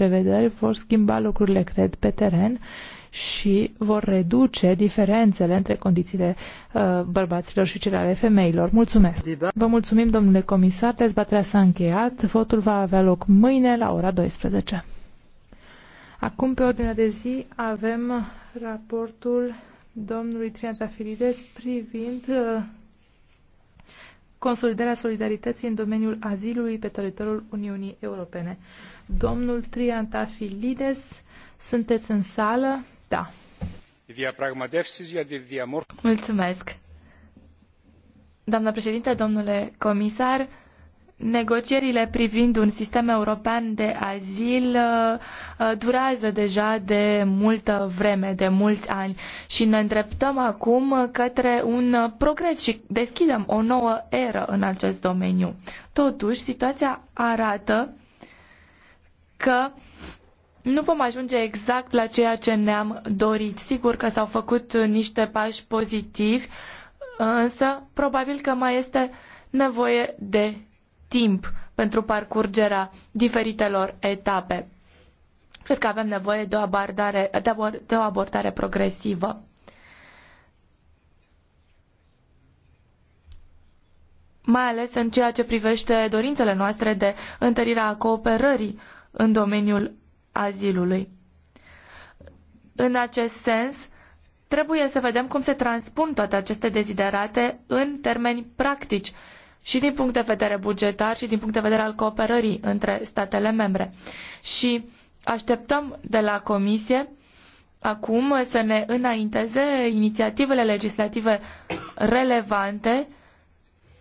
prevederi vor schimba lucrurile, cred, pe teren și vor reduce diferențele între condițiile uh, bărbaților și cele ale femeilor. Mulțumesc! Vă mulțumim, domnule comisar, dezbaterea s-a încheiat, votul va avea loc mâine la ora 12. Acum, pe ordinea de zi, avem raportul domnului Triantafilides privind uh, consolidarea solidarității în domeniul azilului pe teritoriul Uniunii Europene. Domnul Triantafilides, sunteți în sală? Da. Mulțumesc. Doamna președinte, domnule comisar, Negocierile privind un sistem european de azil uh, uh, durează deja de multă vreme, de mulți ani și ne îndreptăm acum către un progres și deschidem o nouă eră în acest domeniu. Totuși, situația arată că nu vom ajunge exact la ceea ce ne-am dorit. Sigur că s-au făcut niște pași pozitivi, însă probabil că mai este nevoie de timp pentru parcurgerea diferitelor etape. Cred că avem nevoie de o abordare, de o abordare progresivă. mai ales în ceea ce privește dorințele noastre de întărirea cooperării în domeniul azilului. În acest sens, trebuie să vedem cum se transpun toate aceste deziderate în termeni practici și din punct de vedere bugetar și din punct de vedere al cooperării între statele membre. Și așteptăm de la Comisie acum să ne înainteze inițiativele legislative relevante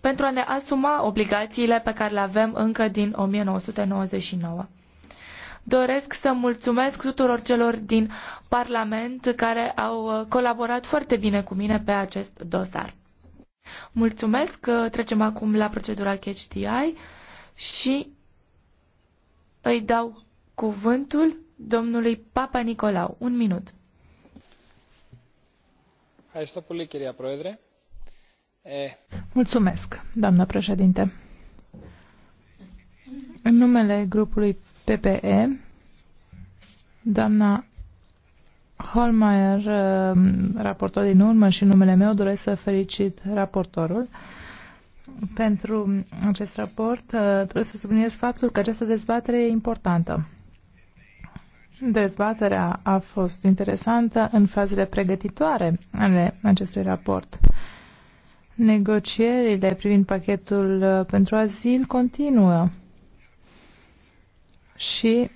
pentru a ne asuma obligațiile pe care le avem încă din 1999. Doresc să mulțumesc tuturor celor din Parlament care au uh, colaborat foarte bine cu mine pe acest dosar. Mulțumesc. Uh, trecem acum la procedura CHDI și îi dau cuvântul domnului Papa Nicolau. Un minut. Mulțumesc, doamnă președinte. În numele grupului PPE, doamna Holmeier, uh, raportor din urmă și numele meu, doresc să felicit raportorul pentru acest raport. Uh, trebuie să subliniez faptul că această dezbatere e importantă. Dezbaterea a fost interesantă în fazele pregătitoare ale acestui raport. Negocierile privind pachetul uh, pentru azil continuă și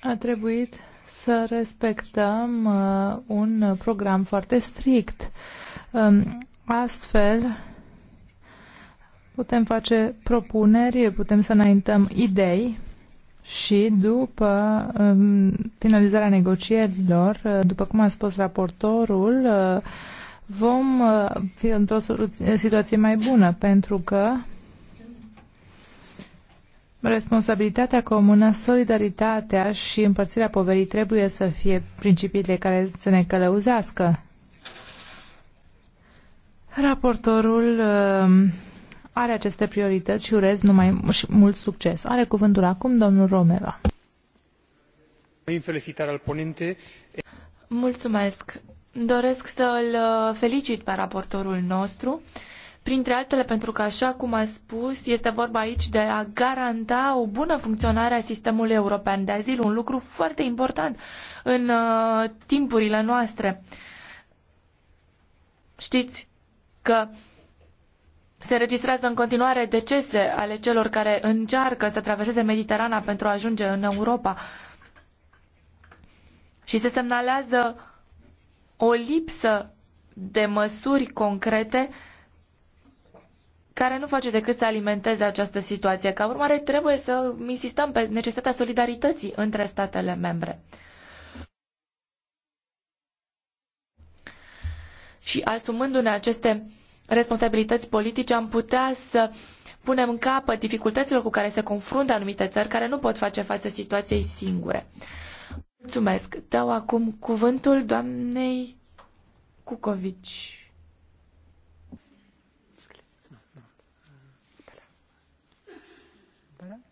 a trebuit să respectăm uh, un program foarte strict. Um, astfel, putem face propuneri, putem să înaintăm idei și după um, finalizarea negocierilor, uh, după cum a spus raportorul, uh, vom uh, fi într-o situație mai bună, pentru că Responsabilitatea comună, solidaritatea și împărțirea poverii trebuie să fie principiile care să ne călăuzească. Raportorul um, are aceste priorități și urez numai mult succes. Are cuvântul acum domnul Romeva. Mulțumesc. Doresc să-l uh, felicit pe raportorul nostru. Uh, printre altele pentru că, așa cum a spus, este vorba aici de a garanta o bună funcționare a sistemului european de azil, un lucru foarte important în uh, timpurile noastre. Știți că se registrează în continuare decese ale celor care încearcă să traverseze Mediterana pentru a ajunge în Europa și se semnalează o lipsă de măsuri concrete uh, care nu face decât să alimenteze această situație. Ca urmare, trebuie să insistăm pe necesitatea solidarității între statele membre. Și asumându-ne aceste responsabilități politice, am putea să punem în capăt dificultăților cu care se confruntă anumite țări care nu pot face față situației singure. Mulțumesc. Dau acum cuvântul doamnei Cucovici.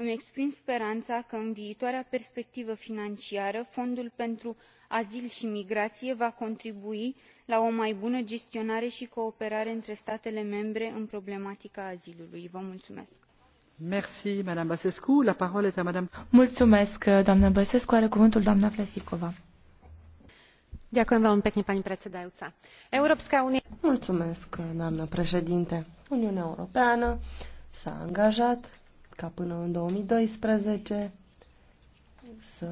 îmi exprim sperana că în viitoarea perspectivă financiară fondul pentru azil i migraie va contribui la o mai bună gestionare i cooperare între statele membre în problematica azilului. Vă mulțumesc. Basescu. La Mulțumesc, doamnă Are cuvântul doamna Mulțumesc, doamnă președinte. Uniunea Europeană s-a angajat ca până în 2012 să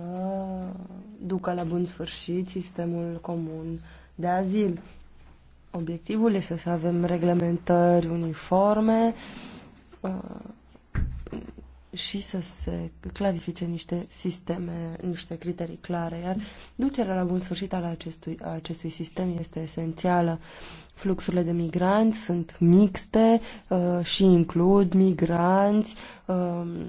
ducă la bun sfârșit sistemul comun de azil. Obiectivul este să avem reglementări uniforme uh, și să se clarifice niște sisteme, niște criterii clare, iar ducerea la bun sfârșit al acestui, a acestui sistem este esențială. Fluxurile de migranți sunt mixte uh, și includ migranți, uh,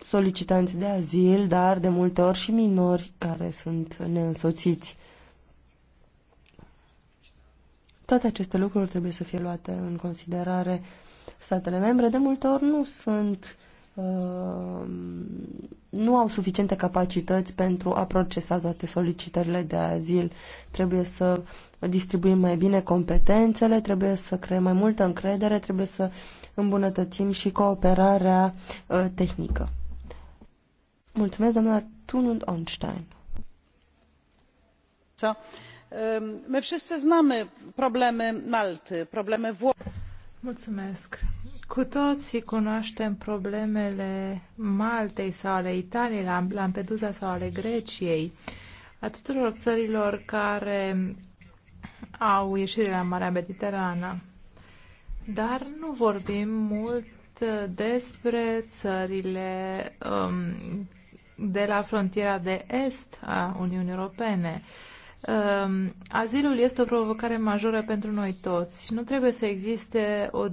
solicitanți de azil, dar de multe ori și minori care sunt neînsoțiți. Toate aceste lucruri trebuie să fie luate în considerare. Statele membre de multe ori nu sunt Uh, nu au suficiente capacități pentru a procesa toate solicitările de azil. Trebuie să distribuim mai bine competențele, trebuie să creăm mai multă încredere, trebuie să îmbunătățim și cooperarea uh, tehnică. Mulțumesc, doamna Tunund Onstein. Um, my wszyscy znamy problemy Malty, problemy Włoch. Mulțumesc. Cu toții cunoaștem problemele Maltei sau ale Italiei, la Lampedusa sau ale Greciei, a tuturor țărilor care au ieșire la Marea Mediterană. Dar nu vorbim mult despre țările um, de la frontiera de est a Uniunii Europene. Um, azilul este o provocare majoră pentru noi toți. Nu trebuie să existe o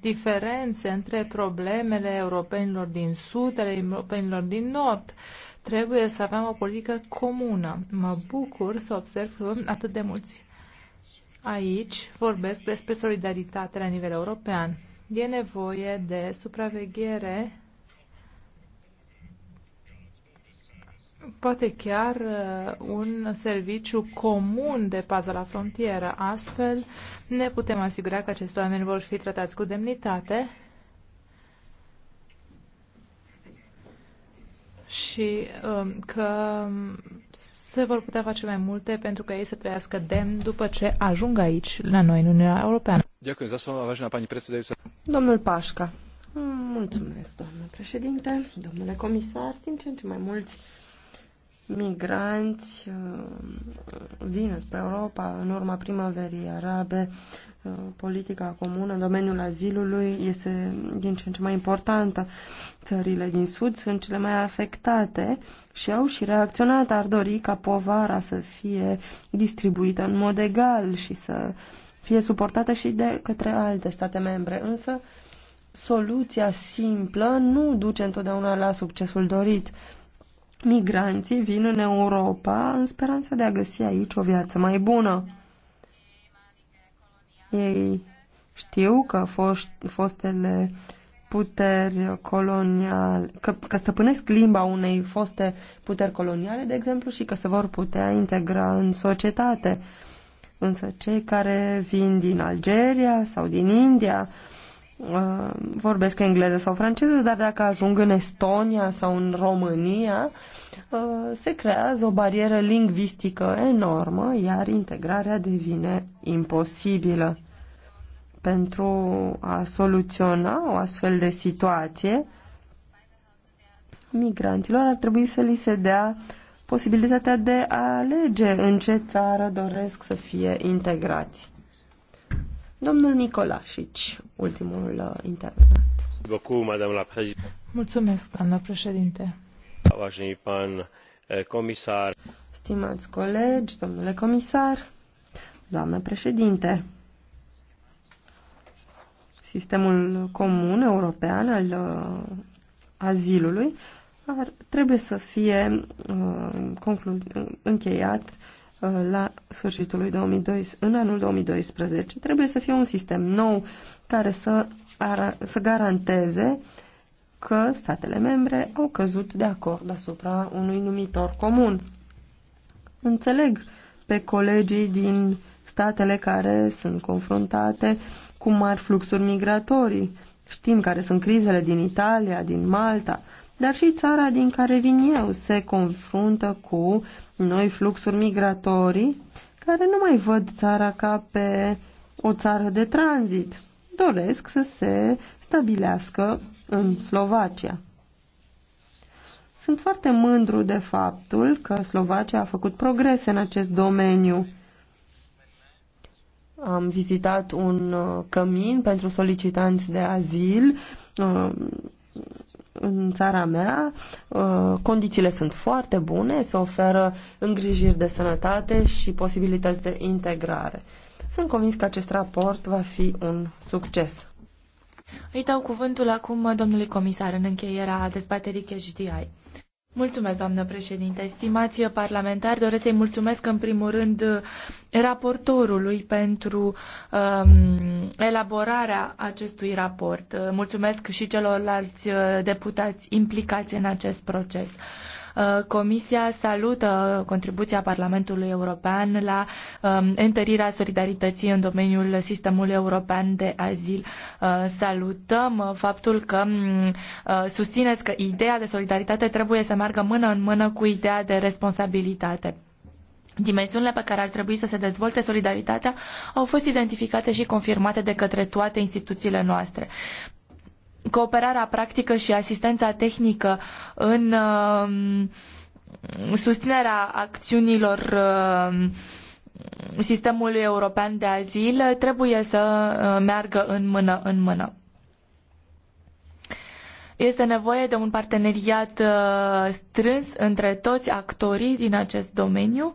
diferențe între problemele europenilor din Sud, ale europenilor din Nord. Trebuie să avem o politică comună. Mă bucur să observ că atât de mulți aici vorbesc despre solidaritate la nivel european. E nevoie de supraveghere poate chiar uh, un serviciu comun de pază la frontieră. Astfel ne putem asigura că acești oameni vor fi tratați cu demnitate și um, că se vor putea face mai multe pentru că ei să trăiască demn după ce ajung aici, la noi, în Uniunea Europeană. Domnul Pașca. Mulțumesc, doamnă președinte, domnule comisar, din ce în ce mai mulți migranți uh, vin spre Europa în urma primăverii arabe. Uh, politica comună în domeniul azilului este din ce în ce mai importantă. Țările din Sud sunt cele mai afectate și au și reacționat. Ar dori ca povara să fie distribuită în mod egal și să fie suportată și de către alte state membre. Însă, soluția simplă nu duce întotdeauna la succesul dorit migranții vin în Europa în speranța de a găsi aici o viață mai bună. Ei știu că fost, fostele puteri coloniale, că, că stăpânesc limba unei foste puteri coloniale, de exemplu, și că se vor putea integra în societate. Însă cei care vin din Algeria sau din India, Uh, vorbesc engleză sau franceză, dar dacă ajung în Estonia sau în România, uh, se creează o barieră lingvistică enormă, iar integrarea devine imposibilă. Pentru a soluționa o astfel de situație, migranților ar trebui să li se dea posibilitatea de a alege în ce țară doresc să fie integrați. Domnul Nicolașici, ultimul uh, intervenant. Mulțumesc, doamnă președinte. Vážený pán comisar. Eh, Stimați colegi, domnule comisar, doamnă președinte. Sistemul comun european al uh, azilului ar, trebuie să fie uh, încheiat Uh, la sfârșitul lui 2012, în anul 2012. Trebuie să fie un sistem nou care să, ara, să garanteze că statele membre au căzut de acord asupra unui numitor comun. Înțeleg pe colegii din statele care sunt confruntate cu mari fluxuri migratorii. Știm care sunt crizele din Italia, din Malta, dar și țara din care vin eu se confruntă cu noi fluxuri migratorii care nu mai văd țara ca pe o țară de tranzit. Doresc să se stabilească în Slovacia. Sunt foarte mândru de faptul că Slovacia a făcut progrese în acest domeniu. Am vizitat un uh, cămin pentru solicitanți de azil uh, în țara mea uh, condițiile sunt foarte bune, se oferă îngrijiri de sănătate și posibilități de integrare. Sunt convins că acest raport va fi un succes. Îi dau cuvântul acum domnului comisar în încheierea dezbaterii CHDI. Mulțumesc, doamnă președinte. Stimați parlamentari, doresc să-i mulțumesc în primul rând uh, raportorului pentru um, elaborarea acestui raport. Uh, mulțumesc și celorlalți uh, deputați implicați în acest proces. Uh, Comisia salută contribuția Parlamentului European la um, întărirea solidarității în domeniul sistemului european de azil. Uh, salutăm uh, faptul că um, susțineți că ideea de solidaritate trebuie să meargă mână în mână cu ideea de responsabilitate. Dimensiunile pe care ar trebui să se dezvolte solidaritatea au fost identificate și confirmate de către toate instituțiile noastre cooperarea practică și asistența tehnică în um, susținerea acțiunilor um, sistemului european de azil trebuie să uh, meargă în mână în mână. Este nevoie de un parteneriat uh, strâns între toți actorii din acest domeniu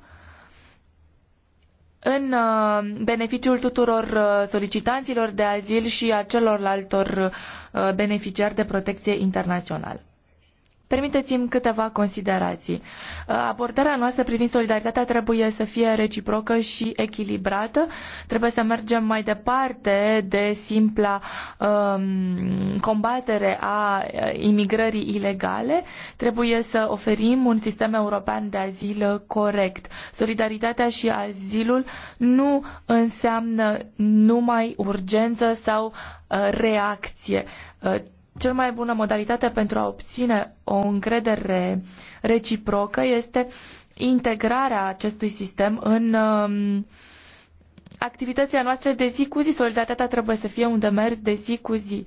în uh, beneficiul tuturor uh, solicitanților de azil și a celorlaltor uh, beneficiari de protecție internațională. Permiteți-mi câteva considerații. Uh, abordarea noastră privind solidaritatea trebuie să fie reciprocă și echilibrată. Trebuie să mergem mai departe de simpla um, combatere a uh, imigrării ilegale. Trebuie să oferim un sistem european de azil corect. Solidaritatea și azilul nu înseamnă numai urgență sau uh, reacție cel mai bună modalitate pentru a obține o încredere reciprocă este integrarea acestui sistem în um, activitățile noastre de zi cu zi. Solidaritatea trebuie să fie un demers de zi cu zi.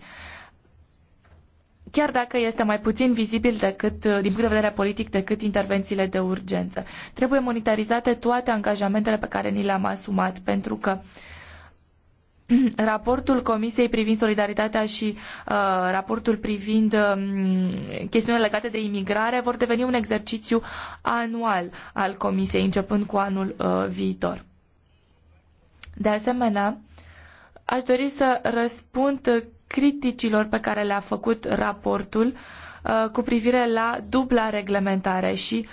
Chiar dacă este mai puțin vizibil decât, uh, din punct de vedere politic decât intervențiile de urgență. Trebuie monitorizate toate angajamentele pe care ni le-am asumat, pentru că uh, raportul Comisiei privind solidaritatea și uh, raportul privind uh, chestiunile legate de imigrare vor deveni un exercițiu anual al Comisiei, începând cu anul uh, viitor. De asemenea, aș dori să răspund criticilor pe care le-a făcut raportul uh, cu privire la dubla reglementare și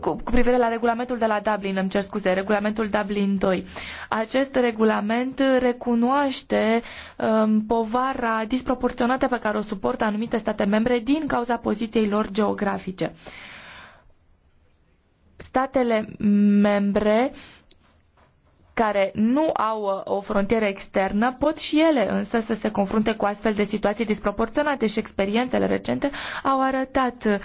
cu, cu privire la regulamentul de la Dublin, îmi cer scuze, regulamentul Dublin 2. Acest regulament recunoaște um, povara disproporționată pe care o suportă anumite state membre din cauza poziției lor geografice. Statele membre uh, care nu au uh, o frontieră externă pot și ele însă să se confrunte cu astfel de situații disproporționate și experiențele recente au arătat uh,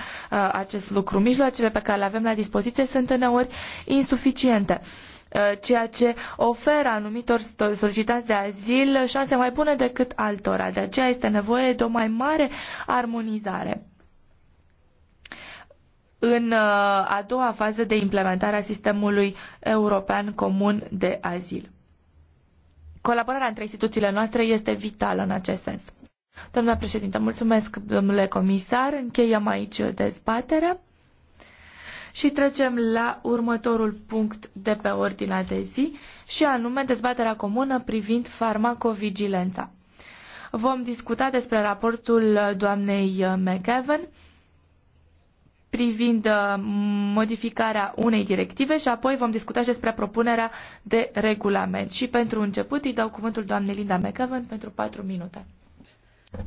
acest lucru. Mijloacele pe care le avem la dispoziție sunt uneori insuficiente uh, ceea ce oferă anumitor solicitanți de azil șanse mai bune decât altora. De aceea este nevoie de o mai mare armonizare în uh, a doua fază de implementare a sistemului european comun de azil. Colaborarea între instituțiile noastre este vitală în acest sens. Doamna președintă, mulțumesc, domnule comisar. Încheiem aici dezbaterea și trecem la următorul punct de pe ordinea de zi și anume dezbaterea comună privind farmacovigilența. Vom discuta despre raportul doamnei McEwen privind uh, modificarea unei directive și apoi vom discuta și despre propunerea de regulament. Și pentru început îi dau cuvântul doamnei Linda McEwen pentru patru minute.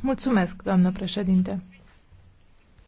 Mulțumesc, doamnă președinte.